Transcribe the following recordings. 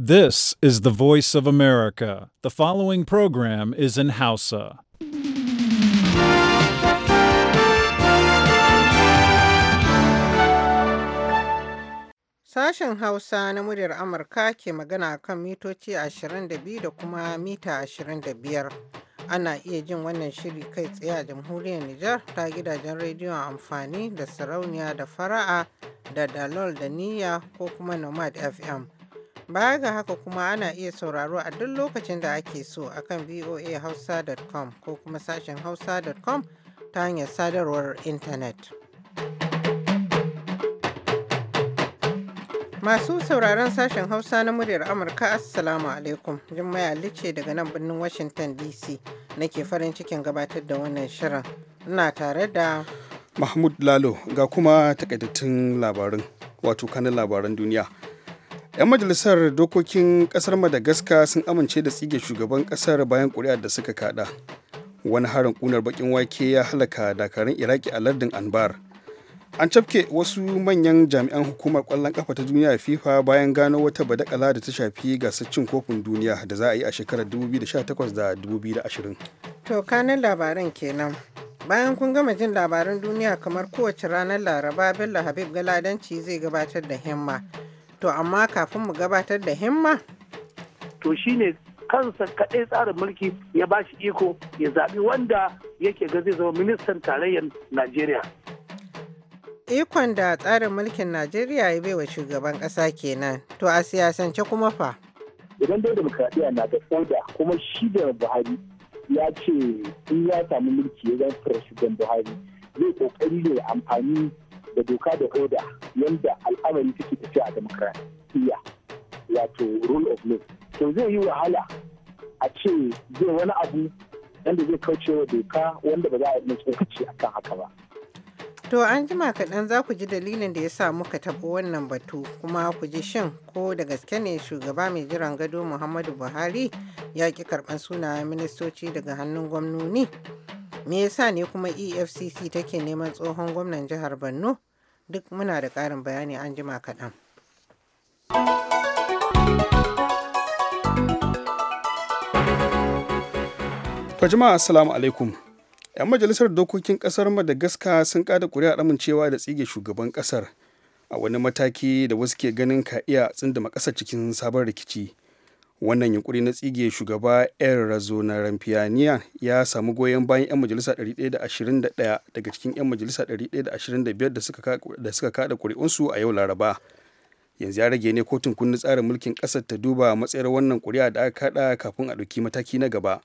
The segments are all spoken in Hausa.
This is the voice of America. The following program is in Hausa. Sashen Hausa na muryar Amurka ke magana kan mitoci 22 da kuma mita 25. Ana iya jin wannan shiri kai tsaye a jamhuriyar Nijar ta gidajen rediyon amfani da sarauniya da fara'a da dalol da niyya ko kuma nomad FM. Baya ga haka kuma ana iya sauraro a duk lokacin da ake so a kan voahausa.com ko kuma sashen hausa.com ta hanyar sadarwar intanet. Masu sauraron sashen Hausa na muryar Amurka Assalamu alaikum. Jummai Ali ce daga nan birnin Washington DC nake farin cikin gabatar da wannan shirin. Ina tare da Mahmud Lalo ga kuma takaitattun labarin wato kanin labaran duniya. 'Yan majalisar dokokin kasar Madagascar sun amince da tsige shugaban kasar bayan kuri'ar da suka kada. Wani harin kunar bakin wake ya halaka dakarun Iraki a lardin Anbar. An cafke wasu manyan jami'an hukumar kwallon kafa ta duniya FIFA bayan gano wata badakala da ta shafi gasar cin kofin duniya da za a yi a shekarar 2018 da 2020. To kanan labaran kenan. Bayan kun gama jin labaran duniya kamar kowace ranar Laraba Bello Habib Galadanci zai gabatar da himma. To amma kafin mu gabatar da himma? To shine kansa kaɗai tsarin mulki ya ba shi iko ya zaɓi wanda yake ga zai zama ministan tarayyar Najeriya. Ikon da tsarin mulkin Najeriya ya baiwa shugaban ƙasa kenan. To a siyasance kuma fa? Idan dai demokradiyya na da oda kuma shi da Buhari ya ce in ya samu mulki ya zama President Buhari zai kokari ne amfani da doka da oda yadda al'amari take tafiya a demokradiyya wato rule of law to zai yi wahala a ce zai wani abu wanda zai kauce wa doka wanda ba za a yi tsokaci a kan haka ba. To an jima kaɗan za ku ji dalilin da ya sa muka taɓa wannan batu kuma ku ji shin ko da gaske ne shugaba mai jiran gado Muhammadu Buhari ya ƙi karɓar sunayen ministoci daga hannun gwamnoni? Me yasa ne kuma EFCC take neman tsohon gwamnan jihar Borno duk muna da ƙarin bayani an jima kaɗan. To jama'a assalamu alaikum. 'Yan majalisar dokokin ƙasar Madagascar sun kada ƙuri'a amincewa da tsige shugaban ƙasar a wani mataki da wasu ke ganin ka iya tsindama kasar cikin sabon rikici. wannan yunkuri na tsige shugaba el razona rampiania ya samu goyon bayan 'yan majalisa 121 daga cikin 'yan majalisa 125 da suka kada kuri'unsu a yau laraba yanzu ya rage ne kotun kunni tsarin mulkin kasar ta duba matsayar wannan kuri'a da aka kada kafin a ɗauki mataki na gaba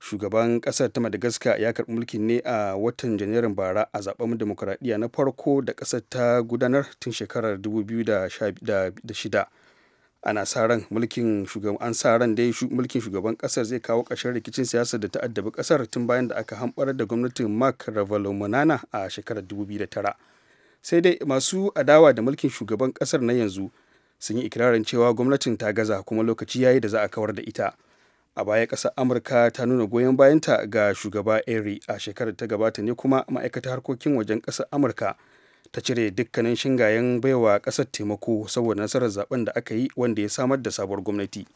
shugaban ƙasar ta madagascar ya karɓi mulkin ne a watan janairun bara a zaben demokuraɗiyya na farko da kasar ta gudanar tun shekarar 2016 ana sa ran mulkin shugaban an sa ran dai mulkin shugaban kasar zai kawo ƙarshen rikicin siyasar da ta addabi kasar tun bayan da aka hamɓar da gwamnatin mark ravalomanana a shekarar 2009 sai dai masu adawa da mulkin shugaban kasar na yanzu sun yi ikirarin cewa gwamnatin ta gaza kuma lokaci yayi da za a kawar da ita a baya ƙasar amurka ta nuna goyon bayanta ga shugaba eri a shekarar ta gabata ne kuma ma'aikatar harkokin wajen ƙasar amurka ta cire dukkanin shingayen baiwa kasar taimako saboda nasarar zaben da aka yi wanda ya samar da sabuwar gwamnati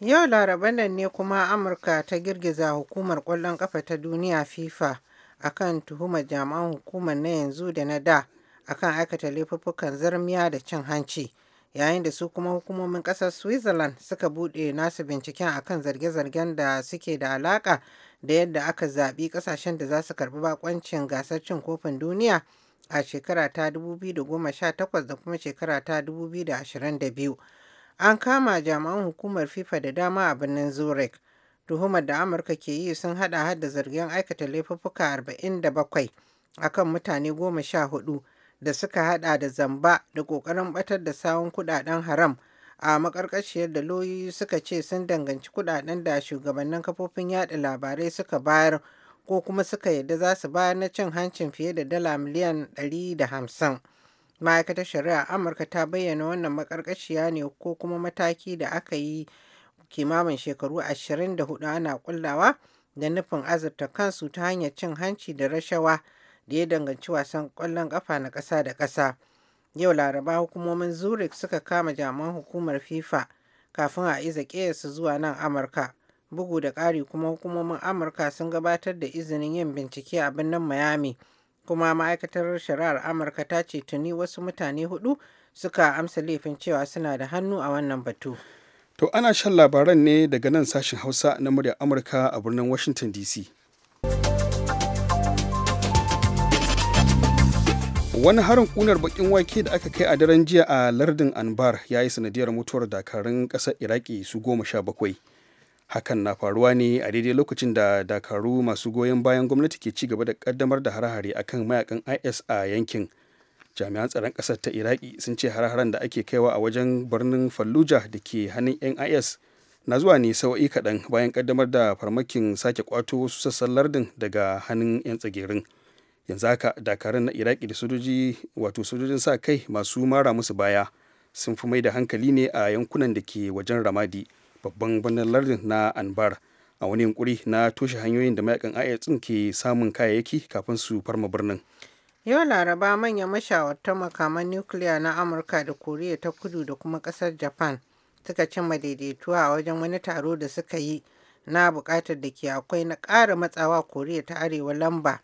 yau laraba nan ne kuma amurka ta girgiza hukumar kwallon ƙafa ta duniya fifa akan tuhumar jami'an hukumar na yanzu da na da akan aikata laifuffukan zarmiya da cin hanci yayin da su kuma hukumomin ƙasar switzerland suka buɗe nasu binciken akan zarge-zargen da suke da alaƙa da yadda aka zaɓi ƙasashen da za su karɓi bakoncin gasar cin kofin duniya a shekara ta 2018 da kuma shekara ta 2022. An kama jami'an hukumar FIFA da dama a birnin Zurich. Tuhumar da Amurka ke yi sun hada da zargin aikata laifuffuka 47 kan mutane 14 da suka hada da zamba da kokarin batar da sawun kudaden haram a makarkashiyar da loyoyi suka ce sun danganci kudaden da shugabannin kafofin yada labarai suka bayar ko kuma suka yarda za su bayar na cin hancin fiye da dala miliyan 150. Ma'aikatar Shari'a Amurka ta bayyana wannan makarkashiya ne ko kuma mataki da aka yi kimamin shekaru 24 ana kullawa da nufin azabta kansu ta hanyar cin hanci da rashawa da ya danganci wasan ƙwallon ƙafa na ƙasa da ƙasa. Yau Laraba hukumomin Zurich suka kama jaman hukumar FIFA kafin a iza su zuwa nan Amurka. bugu da ƙari kuma hukumomin amurka sun gabatar da izinin yin bincike a birnin miami kuma ma'aikatar shari'ar amurka ta ce tuni wasu mutane hudu suka amsa laifin cewa suna da hannu a wannan batu to ana shan labaran ne daga nan sashen hausa na muryar amurka a birnin washington dc wani harin kunar bakin wake da aka kai a daren jiya a lardin anbar ya yi sanadiyar mutuwar dakarun ƙasar iraki su goma sha bakwai hakan na faruwa ne a daidai lokacin da dakaru masu goyon bayan gwamnati ke cigaba da kaddamar da hare-hare kan mayakan is a yankin jami'an tsaron ƙasar ta iraki sun ce harharen da ake kaiwa a wajen birnin fallujah da ke hannun yan is na zuwa ne sau'i kaɗan bayan kaddamar da farmakin sake kwato wasu sassan lardin daga hannun yan tsagerin yanzu haka dakarun na iraki da sojoji wato sojojin sa kai masu mara musu baya sun fi mai da hankali ne a yankunan da ke wajen ramadi babban birnin lardin na anbar a wani yunkuri na toshe hanyoyin da mayakan is ke samun kayayyaki kafin su farma birnin yau laraba manyan mashawartan makaman nukiliya na amurka da koriya ta kudu da kuma kasar japan suka cimma daidaituwa a wajen wani taro da suka yi na bukatar da ke akwai na ƙara matsawa koriya ta arewa lamba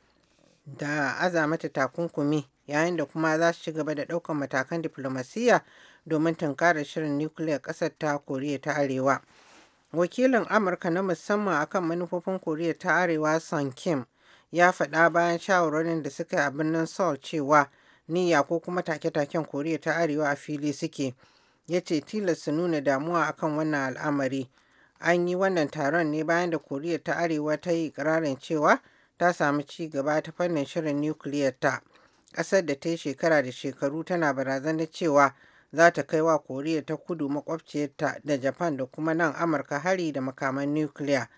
da azamata takunkumi yayin da kuma za su ci gaba da ɗaukar matakan diflomasiyya domin tunkarar shirin nukiliyar ƙasar ta koriya ta arewa wakilin amurka na musamman akan manufofin koriya ta arewa son kim ya faɗa bayan shawarwarin da suka yi a birnin seoul cewa niyya ko kuma take-taken koriya ta arewa a fili suke ya ce tilasta nuna damuwa akan wannan al'amari an yi wannan taron ne bayan da koriya ta arewa ta yi ikirarin cewa ta samu ci gaba ta fannin shirin nukiliyar ta ƙasar da ta yi shekara da shekaru tana barazanar cewa za ta kai wa koriya ta kudu makwabciyarta da japan da kuma nan amurka hari da makaman nukiliya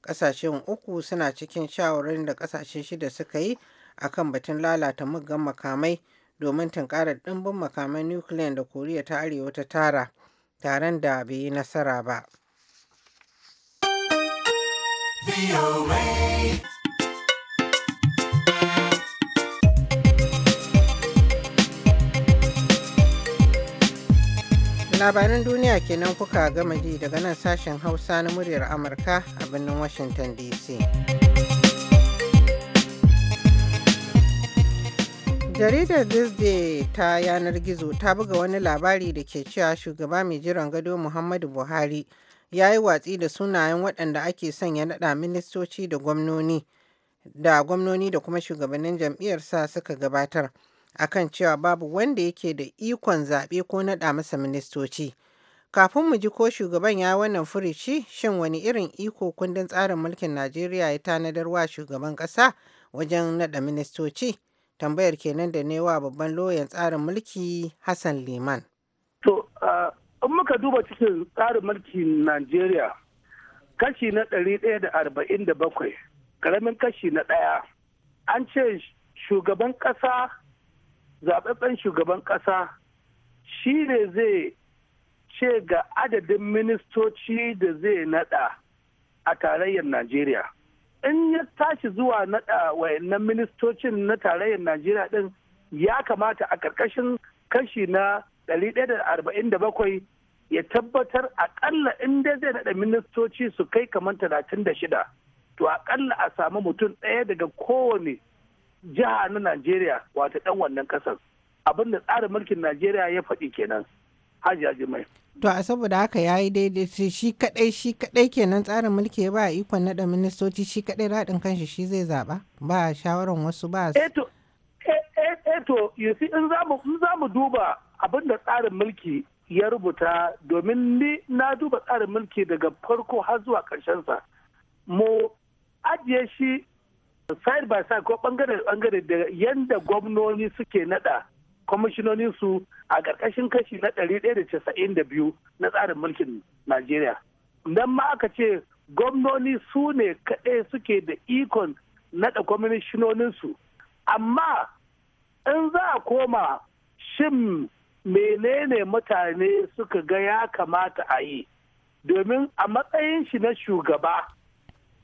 kasashen uku suna cikin shawarar da kasashe shida suka yi a kan batun lalata muggan makamai domin tunkarar ɗimbin makaman nukiliya da koriya ta arewa ta tara tare da bai yi nasara ba labaran duniya kenan kuka gama ji daga nan sashen hausa na muryar amurka a birnin washington dc jaridar disney ta yanar gizo ta buga wani labari da ke cewa shugaba mai jiran gado muhammadu buhari ya yi watsi da sunayen waɗanda ake son ya naɗa ministoci da gwamnoni da gwamnoni da kuma shugabannin jam'iyyarsa suka gabatar. akan cewa babu wanda yake da ikon zaɓe ko naɗa masa ministoci. Kafin mu ji ko shugaban ya wannan furici shin wani irin iko kundin tsarin mulkin Najeriya ya tanadar wa shugaban ƙasa wajen naɗa ministoci? Tambayar kenan da wa babban loyan tsarin mulki Hassan Liman. To, ah, in muka duba cikin tsarin mulkin Najeriya, kashi na ɗari ɗaya da arba'in da bakwai, ƙaramin kashi na ɗaya, an ce shugaban ƙasa zaɓaɓɓen shugaban ƙasa shi ne zai ce ga adadin ministoci da zai naɗa a tarayyar Najeriya. In ya tashi zuwa naɗa wayannan ministocin na tarayyar Najeriya ɗin ya kamata a ƙarƙashin kashi na 147 ya tabbatar aƙalla in dai zai naɗa ministoci su kai kamar 36 to aƙalla a samu mutum ɗaya daga kowane jiha na Najeriya wato ɗan wannan ƙasar. abinda tsarin mulkin Najeriya ya faɗi kenan. Haji Mai. To a saboda haka ya yi daidai shi kaɗai shi kaɗai kenan tsarin mulki ya ba ikon naɗa ministoci shi kaɗai raɗin kanshi shi zai zaɓa ba shawaran wasu ba. Eto eto yusi in za mu duba abinda tsarin mulki ya rubuta domin ni na duba tsarin mulki daga farko har zuwa sa mu ajiye shi side by side ko bangare bangare da yanda gwamnoni suke nada kwamishinoninsu a ƙarƙashin kashi na ɗari ɗaya da casa'in da biyu na tsarin mulkin Najeriya. Nan ma aka ce gwamnoni su ne kaɗai suke da ikon naɗa kwamishinoninsu Amma in za a koma shin menene mutane suka ga ya kamata a yi domin a matsayin shi na shugaba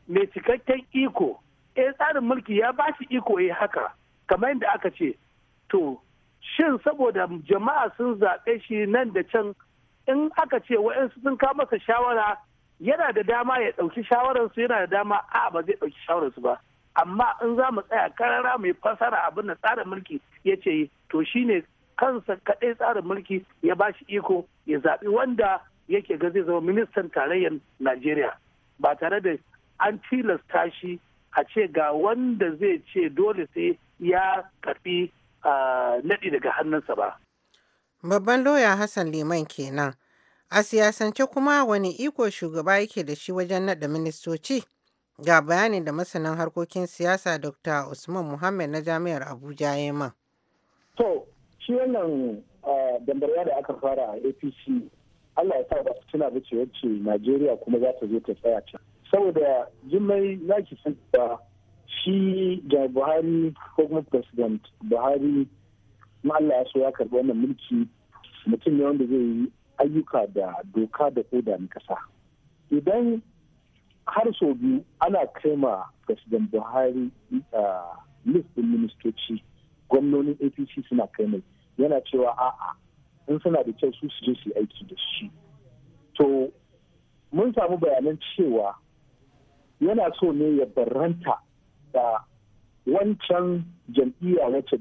mai cikakken iko eh tsarin mulki ya ba shi iko ya haka kamar yadda aka ce to shin saboda jama'a sun zaɓe shi nan da can in aka ce wa'yansu sun kawo masa shawara yana da dama ya ɗauki shawararsu yana da dama a ba zai ɗauki shawararsu ba amma in za mu tsaya karara mai fasara abin da tsarin mulki ya ce to shine kansa kaɗai tsarin mulki ya ba shi iko ya zaɓi wanda yake ga zai zama ministan tarayyar najeriya ba tare da an tilasta shi a ce ga wanda zai ce dole sai ya tafi naɗi daga hannunsa ba. Babban loya Hassan Liman kenan. A siyasance kuma wani iko shugaba yake da shi wajen naɗa ministoci? Ga bayanin da masanin harkokin siyasa Dr. Usman Muhammad na Jami'ar Abuja ya man. To, shi wannan dambarwa da aka fara a APC, Allah ya sa ba su tuna ba ce wacce Najeriya kuma za ta zo ta tsaya can. saboda jimai za ki san shi da buhari ko kuma president buhari ma Allah ya so ya karbi wannan mulki mutum ne wanda zai yi ayyuka da doka da koda na kasa idan har sau biyu ana kaima president buhari list din ministoci gwamnonin apc suna kai mai yana cewa a'a in suna da kyau su su je su aiki da shi to mun samu bayanan cewa yana so ne ya barranta da wancan jam'iyya wacce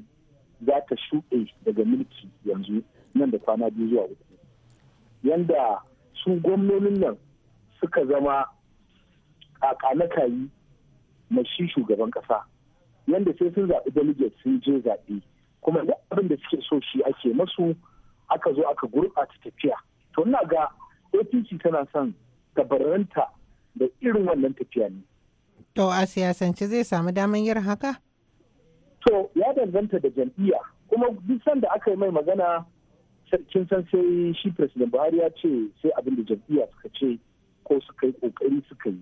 za ta shuɗe daga mulki yanzu nan da kwana biyu zuwa uku yanda su gwamnonin nan suka zama kakanakayi na shi shugaban ƙasa yanda sai sun zaɓi dalijan sun je zaɓe kuma duk abin da suke so shi ake masu aka zo aka gurɓata tafiya to ina ga apc tana son baranta. da irin wannan tafiya ne. To a siyasance zai samu daman yin haka? To ya danganta da jam'iyya kuma duk sanda aka yi mai magana kin san sai shi president Buhari ya ce sai abin da jam'iyya suka ce ko suka yi kokari suka yi.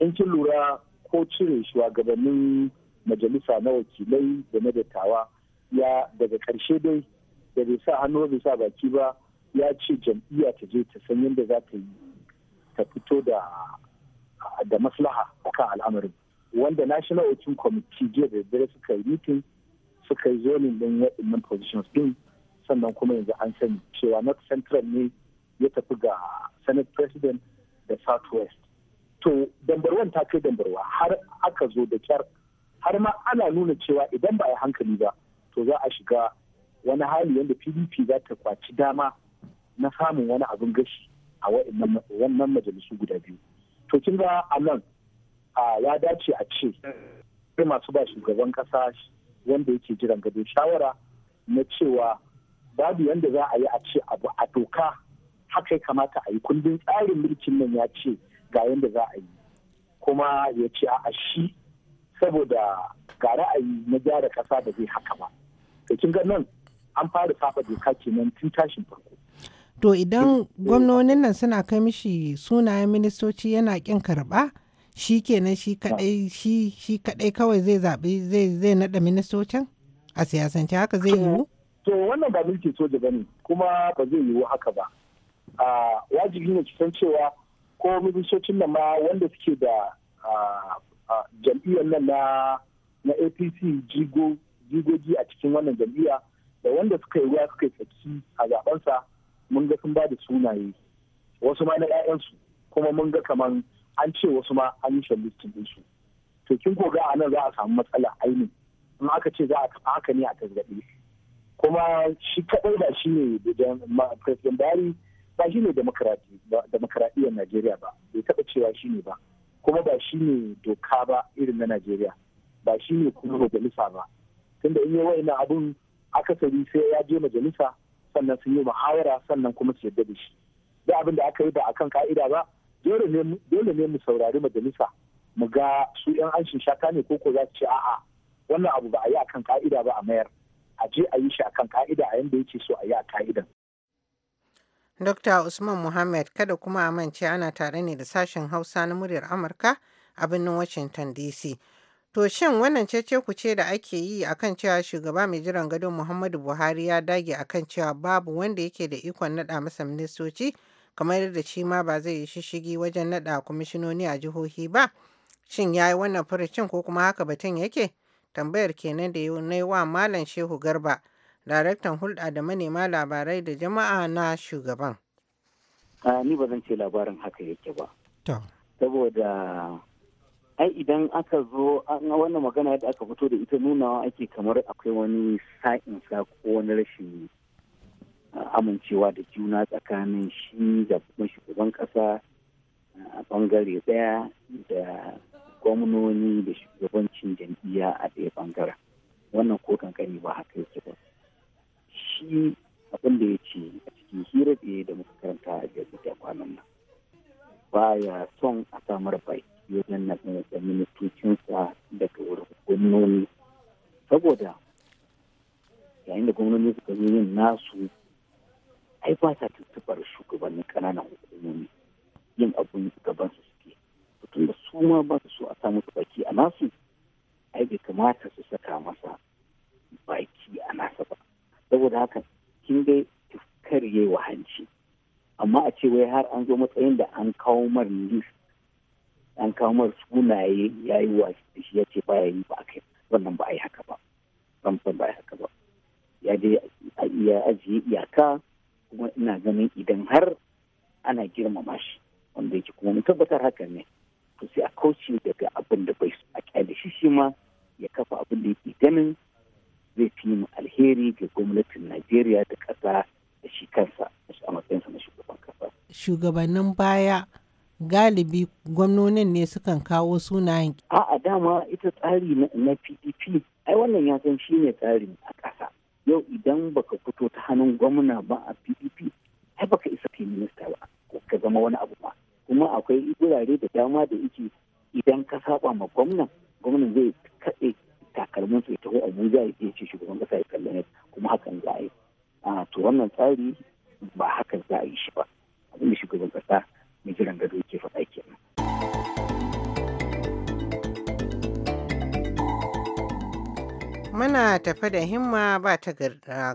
In kin lura ko cire shugabannin majalisa na wakilai da na dattawa ya daga ƙarshe dai da bai sa hannu bai sa baki ba ya ce jam'iyya ta je ta san yadda za ta yi ta fito da da maslaha kan al'amarin wanda national voting committee jiya da dare suka yi meeting suka yi zonin din waɗannan positions din sannan kuma yanzu an sani cewa north central ne ya tafi ga senate president da west to dambarwan ta kai dambarwa har aka zo da kyar har ma ana nuna cewa idan ba a yi hankali ba to za a shiga wani hali yadda pdp za ta kwaci dama na samun wani abin gashi a wannan majalisu guda biyu to kin ga a nan ya dace a ce sai masu ba shugaban kasa wanda yake jiran gado shawara na cewa babu yanda za a yi a ce abu a doka haka ya kamata a yi kundin tsarin mulkin nan ya ce ga yanda za a yi kuma ya ce a shi saboda ga ra'ayi na gyara kasa da zai haka ba to kin ga nan an fara saba doka kenan tun tashin farko to idan gwamnonin nan suna kai mishi sunayen ministoci yana kin karba shi kenan shi kadai shi shi kadai kawai zai zabi zai zai nada ministocin a siyasance haka zai eh, yiwu to wannan ba mulki soja bane kuma ba zai yiwu haka ba a wajibi ne san cewa ko ministocin nan ma wanda suke da jam'iyyar nan na APC jigo jigoji a cikin wannan jam'iyya da wanda suka yi ruwa suka yi saki a zabansa. mun ga sun ba da sunaye wasu ma na ƴaƴansu kuma mun ga kaman an ce wasu ma an yi shallistin ɗinsu to kin ko ga anan za a samu matsala aini in aka ce za a tafi haka ne a tasgaɗe kuma shi kaɗai ba shi ne president bari ba shi ne demokaradiyyar najeriya ba bai taɓa cewa shi ne ba kuma ba shi ne doka ba irin na najeriya ba shi ne kuma majalisa ba tunda in yi wa'ina abun akasari sai ya je majalisa sannan sun yi muhawara sannan kuma su yarda da shi da abin da aka yi ba akan ka'ida ba dole ne mu saurari majalisa mu ga su yan an shaka ne koko za su ce a'a wannan abu ba a yi akan ka'ida ba a mayar a je a yi shi akan ka'ida a yanda yake so a yi a ka'idan Dokta Usman Muhammad kada kuma a mance ana tare ne da sashen Hausa na muryar Amurka a birnin Washington DC. To shin wannan cece ce da ake yi akan cewa shugaba mai jiran gado Muhammadu Buhari ya dage akan cewa babu wanda yake da ikon naɗa masa ministoci kamar yadda shi ma ba zai yi shishigi wajen naɗa kwamishinoni a jihohi ba. Shin ya yi wannan furucin ko kuma haka batun yake? Tambayar kenan da na yi wa Malam Shehu Garba, daraktan hulɗa da manema labarai da jama'a na shugaban. Ni ba zan ce labarin haka yake ba. Saboda ai idan aka zo na wannan magana yadda aka fito da ita nunawa ake kamar akwai wani sa'in ko wani rashin amincewa da juna tsakanin shi da shugaban kasa a bangare daya da gwamnoni da shugabancin jam'iyya a daya bangare wannan ko kankani ba haka yake ba shi abin da ya ce a cikin hira da muka karanta a jarida kwanan nan ba ya son a samar baki ya danna da ministocinsa daga wurin gwamnoni saboda yayin da gwamnoni suka yi yin nasu ai ba sa tuntubar shugabannin kananan hukumomi yin abun su suke tun da su ma ba su so a samu su baki a nasu ai bai kamata su saka masa baki a nasa ba saboda haka kin dai tufkar yi wa hanci amma a ce wai har an zo matsayin da an kawo mar list an kawo mar sunaye ya yi wa shi ya ce baya yi ba a kai wannan ba a yi haka ba samson ba a yi haka ba ya je a ajiye iyaka kuma ina ganin idan har ana girmama shi wanda yake kuma mun tabbatar haka ne to sai a kauce daga abin da bai a kyale shi shi ma ya kafa abin da yake ganin zai fi mu alheri ga gwamnatin Najeriya da ƙasa da shi kansa a matsayinsa na shugaban ƙasa. Shugabannin baya galibi gwamnonin ne sukan kawo sunayen. A'a dama ita tsari na PDP, ai wannan ya san shi ne tsari a ƙasa. Yau idan baka fito ta hannun gwamna ba a PDP, ai baka isa kai minista ba, ka zama wani abu ba. Kuma akwai wurare da dama da yake idan ka saba ma gwamnan, gwamnan zai kaɗe takalmin su taho Abuja ya ce shugaban ƙasa ya kalle kuma hakan za a yi. To wannan tsari ba haka za a yi shi ba. Abin da shugaban ƙasa mai gado ke faɗa kenan. Muna tafe da himma ba ta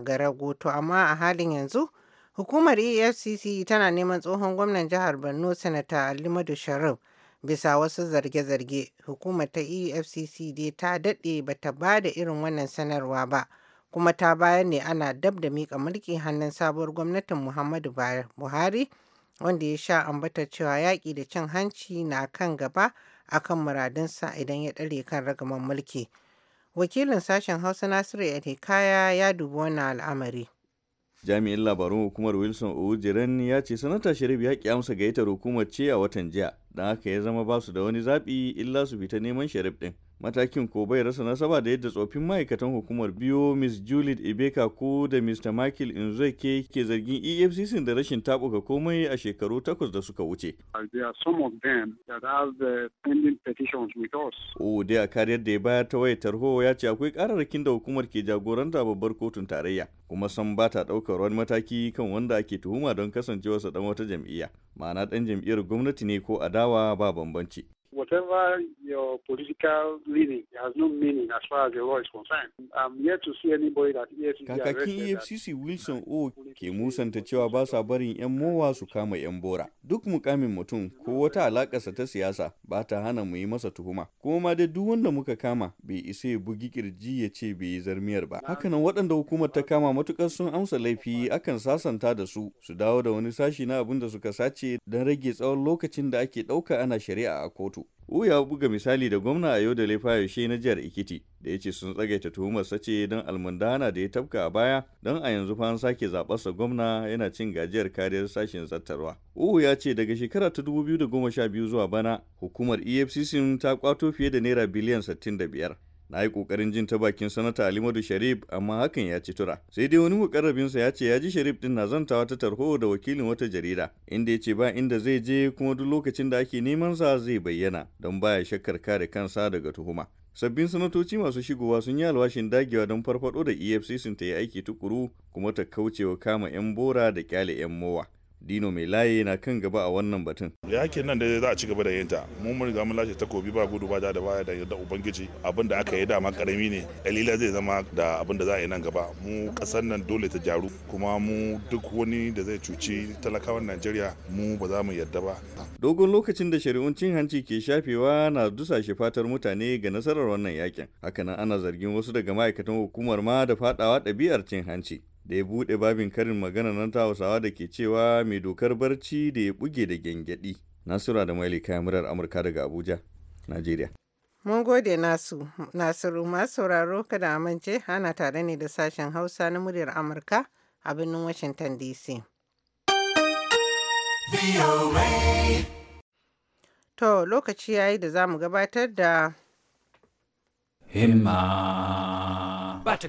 gara to amma a halin yanzu hukumar EFCC tana neman tsohon gwamnan jihar Borno Sanata Alimadu Sharif bisa wasu zarge-zarge hukumar ta EFCC dai ta daɗe ta ba da irin wannan sanarwa ba. kuma ta bayan ne ana dab da mika mulki hannun sabuwar gwamnatin Muhammadu Buhari wanda ya sha ambata cewa yaƙi da cin hanci na kan gaba a kan muradinsa idan ya ɗare kan ragaman mulki. Wakilin sashen Hausa Nasiru kaya ya dubi wannan al'amari. Jami'in labarun hukumar Wilson Ojiren ya ce sanata Sharif ya ƙi amsa gayyatar hukumar ce a watan jiya, don haka ya zama basu da wani zaɓi illa su fita neman Sharif ɗin. matakin ko bai rasa nasaba da yadda tsofin ma'aikatan hukumar biyu miss juliet ibeka ko da mr michael inzoike ke zargin efcc da rashin tabuka komai a shekaru takwas da suka wuce dai a kariyar da ya baya ta waye tarho ya ce akwai kararrakin da hukumar ke jagoranta babbar kotun tarayya kuma san ba ta daukar wani mataki kan wanda ake tuhuma don kasancewarsa dan wata jam'iyya ma'ana dan jam'iyyar gwamnati ne ko adawa ba bambanci whatever your political leaning has no meaning as far as the law is concerned. I'm yet to see anybody that EFCC Kakakin EFCC Wilson O oh, ke musanta cewa ba sa barin 'yan mowa su kama 'yan bora. Duk mukamin mutum ko wata alakarsa ta siyasa ba ta hana mu yi masa tuhuma. Kuma ma dai duk wanda muka kama bai isa ya bugi kirji ya ce bai yi zarmiyar ba. Hakanan waɗanda hukumar ta kama matukar sun amsa laifi akan sasanta da su su dawo da wani sashi na abin da suka sace don rage tsawon lokacin da ake ɗauka ana shari'a a kotu. U ya buga misali da gwamna a yau da laifayoshe na jihar Ikiti da ya ce sun tsagaita tuhumar sace don almundana da ya tabka a baya don a yanzu fa an sake zaɓarsa gwamna yana cin gajiyar kariyar sashen zattarwa. Uhu ya ce daga shekara ta 2012 zuwa bana hukumar EFCC ta kwato fiye da naira biliyan 65. na yi kokarin jin ta bakin sanata alimadu sharif amma hakan ya ci tura sai dai wani mukarrabinsa ya ce ya ji sharif din na zantawa ta tarho da wakilin wata jarida inda ya ce ba inda zai je kuma duk lokacin da ake neman sa zai bayyana don baya shakkar kare kansa daga tuhuma sabbin sanatoci masu shigowa sun yi alwashin dagewa don farfado da efcc ta yi aiki tukuru kuma ta kaucewa kama 'yan bora da kyale 'yan mowa Dino mai laye na kan gaba a wannan batun. Yakin nan da za a ci gaba da yinta Mu mun riga mun lashe takobi ba gudu ba da baya da yarda ubangiji. Abin da aka yi dama karami ne. Dalila zai zama da abin da za a yi nan gaba. Mu kasan nan dole ta jaru kuma mu duk wani da zai cuci talakawan Najeriya mu ba za mu yarda ba. Dogon lokacin da shari'un cin hanci ke shafewa na dusashe fatar mutane ga nasarar wannan yakin. Hakanan ana zargin wasu daga ma'aikatan hukumar ma da fadawa ɗabi'ar cin hanci. da ya buɗe babin karin magana nan ta hausawa da ke cewa mai dokar barci da ya buge da gyangyaɗi. Nasura da Maili kayan murar Amurka daga Abuja, Najeriya. Mun gode nasu, Nasiru masu sauraro kada amince ana tare ne da sashen Hausa na muryar Amurka a birnin Washington DC. To lokaci yayi da za mu gabatar da himma ba ta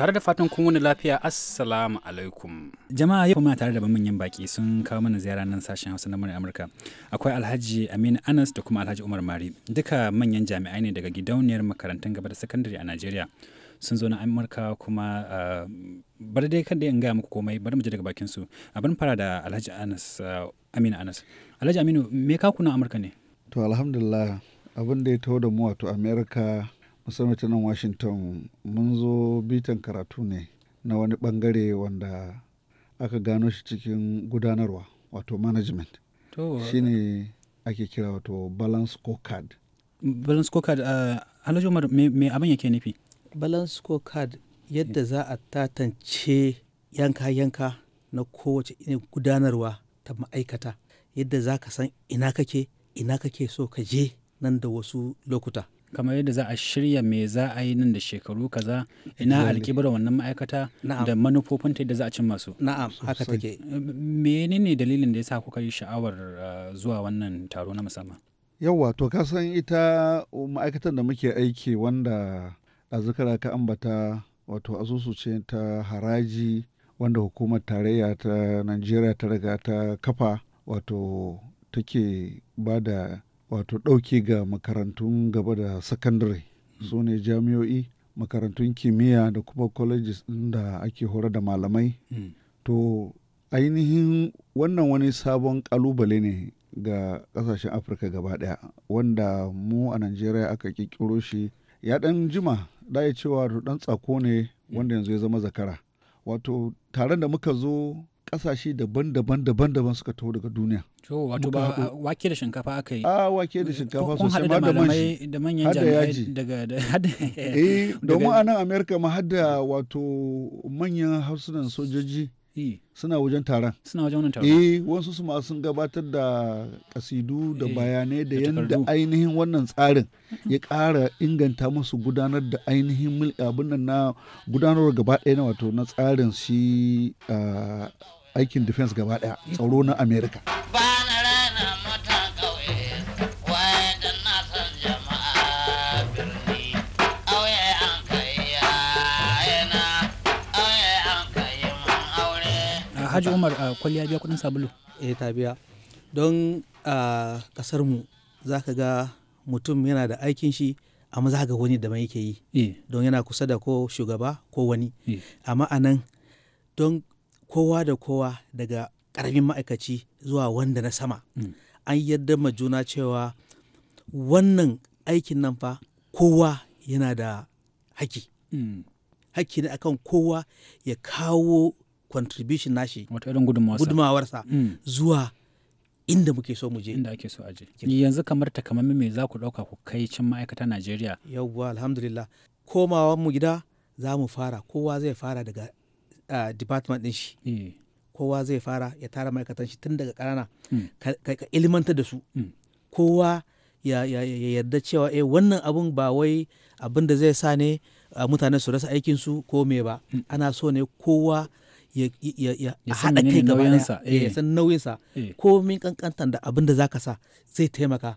tare da fatan kun wani lafiya assalamu alaikum jama'a yau kuma tare da manyan baki sun kawo mana ziyara nan sashen hausa na murya amurka akwai alhaji aminu anas da kuma alhaji umar mari duka manyan jami'ai ne daga gidauniyar makarantun gaba da sakandare a najeriya sun zo na amurka kuma ah, bar dai kada in gaya muku komai bari mu je daga bakin su abin fara da alhaji anas ah, aminu anas alhaji aminu me ka kuna amurka ne to alhamdulillah abin da ya taho da mu wato amurka musamman nan washington mun zo bitan karatu ne na wani bangare wanda aka gano shi cikin gudanarwa wato management shi ne ake kira wato balance scorecard balance scorecard a uh, umar me abin yake nufi balance scorecard yadda za a tatance yanka-yanka na kowace irin gudanarwa ta ma'aikata yadda za ka san ina kake ina kake so ka je nan da wasu lokuta kamar yadda za a shirya me za a yi nan da shekaru kaza ina alkibar wannan ma'aikata da manufofin ta yadda za a cimma su na'am haka take menene dalilin da ya sa kuka yi sha'awar uh, zuwa wannan taro na musamman yauwa to ka san ita ma'aikatan da muke aiki wanda ɗazukara ka ambata wato asusu ce ta haraji wanda hukumar tarayya ta najeriya ta riga ta kafa wato take ba da wato ɗauki ga makarantun gaba da sakandare su ne jami'o'i makarantun kimiyya da kuma colleges ɗin da ake horar da malamai to ainihin wannan wani sabon kalubale ne ga kasashen afirka gaba daya wanda mu a najeriya aka kikiro shi ya dan jima da ya cewa dan tsako ne wanda yanzu ya zama zakara wato tare da muka zo kasashe daban-daban daban-daban suka taho daga duniya. To wato ba wake da shinkafa aka yi. A wake da shinkafa sosai ma da manyan jami'ai daga Eh domin a nan America ma hadda wato manyan harsunan sojoji. E. Suna wajen taron. Suna wajen wannan taron. Eh wasu su ma sun gabatar da kasidu da e, bayanai da yadda ainihin wannan tsarin ya ƙara inganta musu gudanar da ainihin abin nan na gudanarwa gaba ɗaya na wato na tsarin shi ah, aikin defense gaba daya tsaro na america haji Umar ah, kwalliya biya kudin sabulu? Eh ta biya. Don a ah, kasar mu za ka ga mutum yana da aikin shi amma za ga wani da mai yake yi eh. don yana kusa da ko shugaba ko wani eh. amma anan don kowa da kowa daga ƙaramin ma'aikaci zuwa wanda na sama mm. an yarda ma juna cewa wannan aikin nan fa kowa yana da haki mm. haki ne akan kowa ya kawo contribution nashi gudumawarsa mm. zuwa inda muke so mu je inda ake so aje yanzu kamar takamaiman me za ku dauka ku kai can ma'aikata Najeriya yawwa alhamdulillah komawa mu gida za mu fara kowa zai fara daga department din shi hmm. kowa zai fara ya tara ma'aikatan shi tun daga ƙarana hmm. ka ilmantar da su hmm. kowa ya yarda cewa eh wannan abun ba wai abin da zai sa ne mutane su rasa aikin su ko me ba ana so ne kowa ya haɗa kai gaba eh, ya san nauyinsa eh. Eh. komin kankantar da abin da zaka sa zai taimaka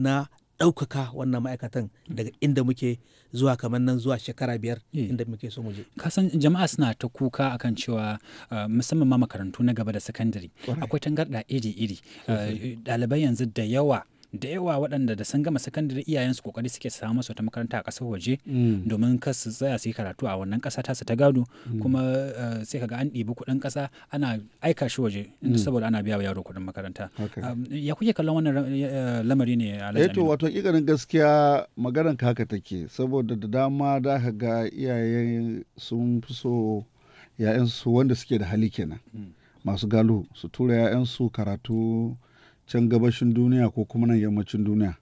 na ɗaukaka wannan ma'aikatan daga inda muke zuwa kamar nan zuwa shekara biyar hmm. inda muke so muje. je. Kasan jama'a suna ta kuka akan cewa uh, musamman ma makarantu na gaba da sakandare akwai tangarɗa iri-iri uh, ɗalibai yanzu da yawa da yawa waɗanda da sun gama sakandare iyayensu kokari suke samu masu wata makaranta a ƙasar waje mm. domin kar su tsaya su yi karatu a wannan ƙasa ta su ta gado mm. kuma eh, sai ga an ɗibi kuɗin ƙasa ana aika shi waje mm. saboda ana biya wa yaro kuɗin makaranta ya kuke kallon wannan eh, lamari ne alhaji eh, to wato ƙiƙarin gaskiya maganar haka take saboda da dama da ka ga iyaye sun fi so ‘ya'yansu wanda suke da hali kenan masu galu su tura ‘ya'yansu karatu can gabashin duniya ko kuma nan yammacin duniya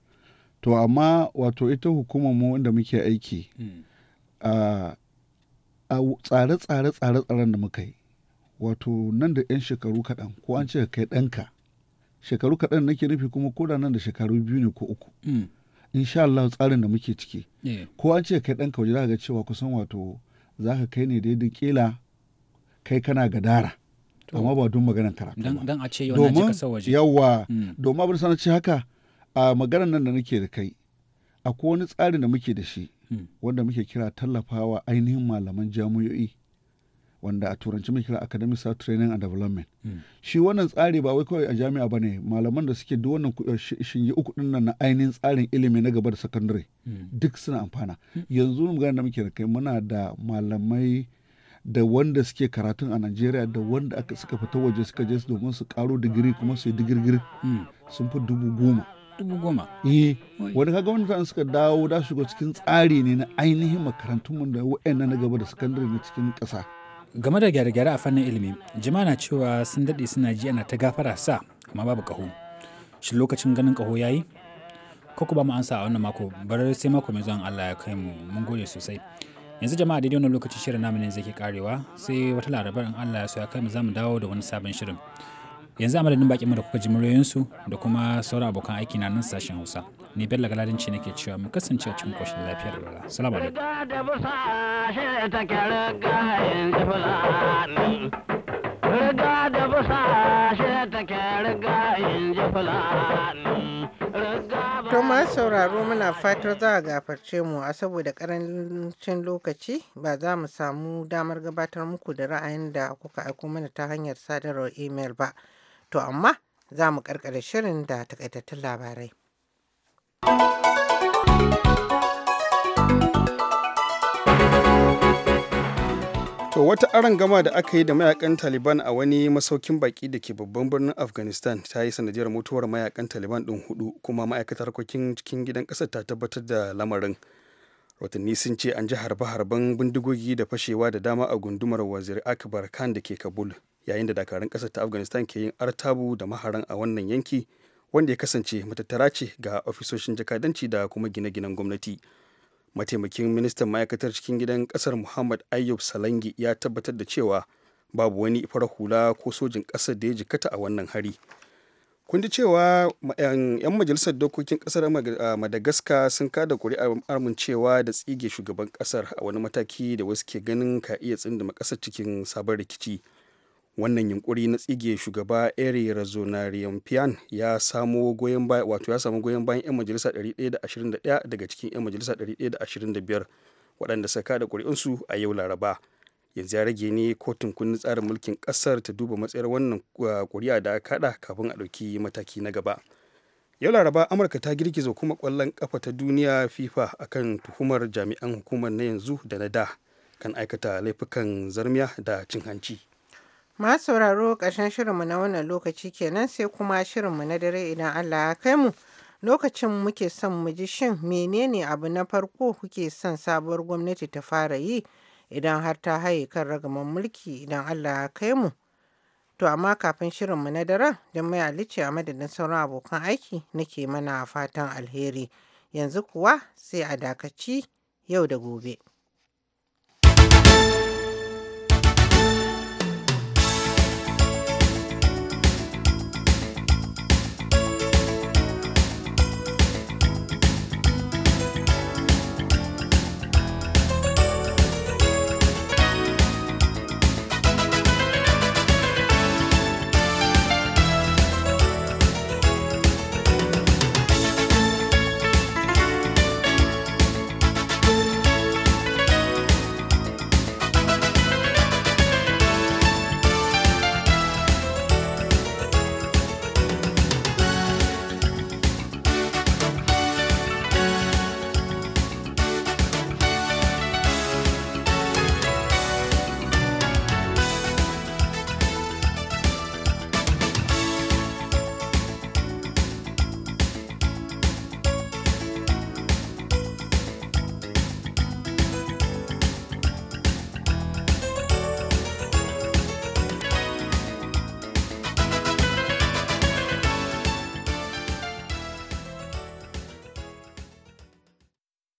to amma wato ita hukumar mu inda muke aiki a tsare-tsare tsare-tsaren da muka yi wato nan da 'yan shekaru kaɗan ko an ce kai ɗanka shekaru kaɗan nake nufi kuma ko da nan da shekaru biyu ne ko uku mm. insha Allah tsarin da muke ciki ko an ce kai ɗanka waje za ka ga cewa kusan wato za ka kai ne daidai kila kai kana gadara amma ba don maganar karatu ba dan a ce yau na je kasar waje yawa hmm. domin abin sana ce haka a maganar nan da nake da kai akwai wani tsarin da muke da shi hmm. wanda muke kira tallafawa ainihin malaman jami'o'i wanda a turanci muke kira academic staff training and development hmm. shi wannan tsari ba wai kawai a jami'a ba ne malaman da suke duk wannan eh, shinge uku din nan na ainihin tsarin ilimi na gaba da sakandare duk suna amfana yanzu mu da muke da kai muna da malamai da wanda suke karatun a Najeriya da wanda aka suka fita waje suka je domin su karo digiri kuma su yi digirgir hmm. sun fi dubu goma. Dubu goma. Eh, wani kaga wanda an suka dawo da shigo cikin tsari ne na ainihin makarantun mu da wa'annan na gaba da sakandare na cikin ƙasa. Game da gyare-gyare a fannin ilimi, jama'a na cewa sun daɗe suna ji ana ta gafara sa amma babu kaho Shi lokacin ganin ƙaho yayi? Ko ku ba mu ansa a wannan mako, bari sai mako mai zuwan Allah ya kai mu, mun gode sosai. yanzu jama'a daidai wannan lokacin shirin namu ne zai ke karewa sai wata larabar in Allah ya so ya kai mu zamu dawo da wani sabon shirin yanzu a madadin bakin mu da kuka ji su da kuma sauran abokan aiki na nan sashen Hausa ni Bello ce nake cewa mu kasance a cikin koshin lafiyar rara salamu alaikum riga da busa shi take riga in ji fulani sauraro muna fatar za a gafarce mu a saboda karancin lokaci ba za mu samu damar gabatar muku da ra'ayin da kuka aiko mana ta hanyar sadarwar email ba. To amma za mu karkare shirin da takaitattun labarai. To wata gama da aka yi da mayakan Taliban a wani masaukin baki da ke babban birnin Afghanistan ta yi sanadiyar mutuwar mayakan Taliban ɗin hudu kuma ma'aikatar harkokin cikin gidan ƙasar ta tabbatar da lamarin. Watanni sun ce an ji harbe-harben bindigogi da fashewa da dama a gundumar wazir Akbar Khan da ke Kabul yayin da dakarun ƙasar ta Afghanistan ke yin artabu da maharan a wannan yanki wanda ya kasance matattara ce ga ofisoshin jakadanci da kuma gine-ginen gwamnati. mataimakin ministan ma'aikatar cikin gidan kasar muhammad ayyub salangi ya tabbatar da cewa babu wani farar hula ko sojin kasar da ya jikata a wannan hari kun ji cewa 'yan majalisar dokokin kasar madagascar sun kada kuri'ar amincewa da tsige shugaban kasar a wani mataki da wasu ke ganin ka iya tsindima kasar cikin sabon rikici wannan yunkuri na tsige shugaba eri pian ya samu goyon baya wato ya samu goyon bayan 'yan majalisa 121 daga cikin 'yan majalisa 125 waɗanda suka kada ƙuri'unsu a yau laraba yanzu ya rage ne kotun kundin tsarin mulkin ƙasar ta duba matsayar wannan uh, ƙuri'a da aka kada kafin a ɗauki mataki na gaba yau laraba amurka ta girgiza kuma kwallon kafa ta duniya fifa akan tuhumar jami'an hukumar na yanzu da na da kan aikata laifukan zarmiya da cin hanci Masu sauraro ƙarshen shirinmu na wannan lokaci kenan sai kuma shirinmu na dare idan Allah ya kai mu. Lokacin muke son mu ji shin menene abu na farko kuke son sabuwar gwamnati ta fara yi idan har ta haye kan ragaman mulki idan Allah ya kai mu. To amma kafin shirinmu na daren, don Ali ce a madadin sauran abokan aiki nake mana fatan alheri. Yanzu kuwa sai a dakaci yau da gobe.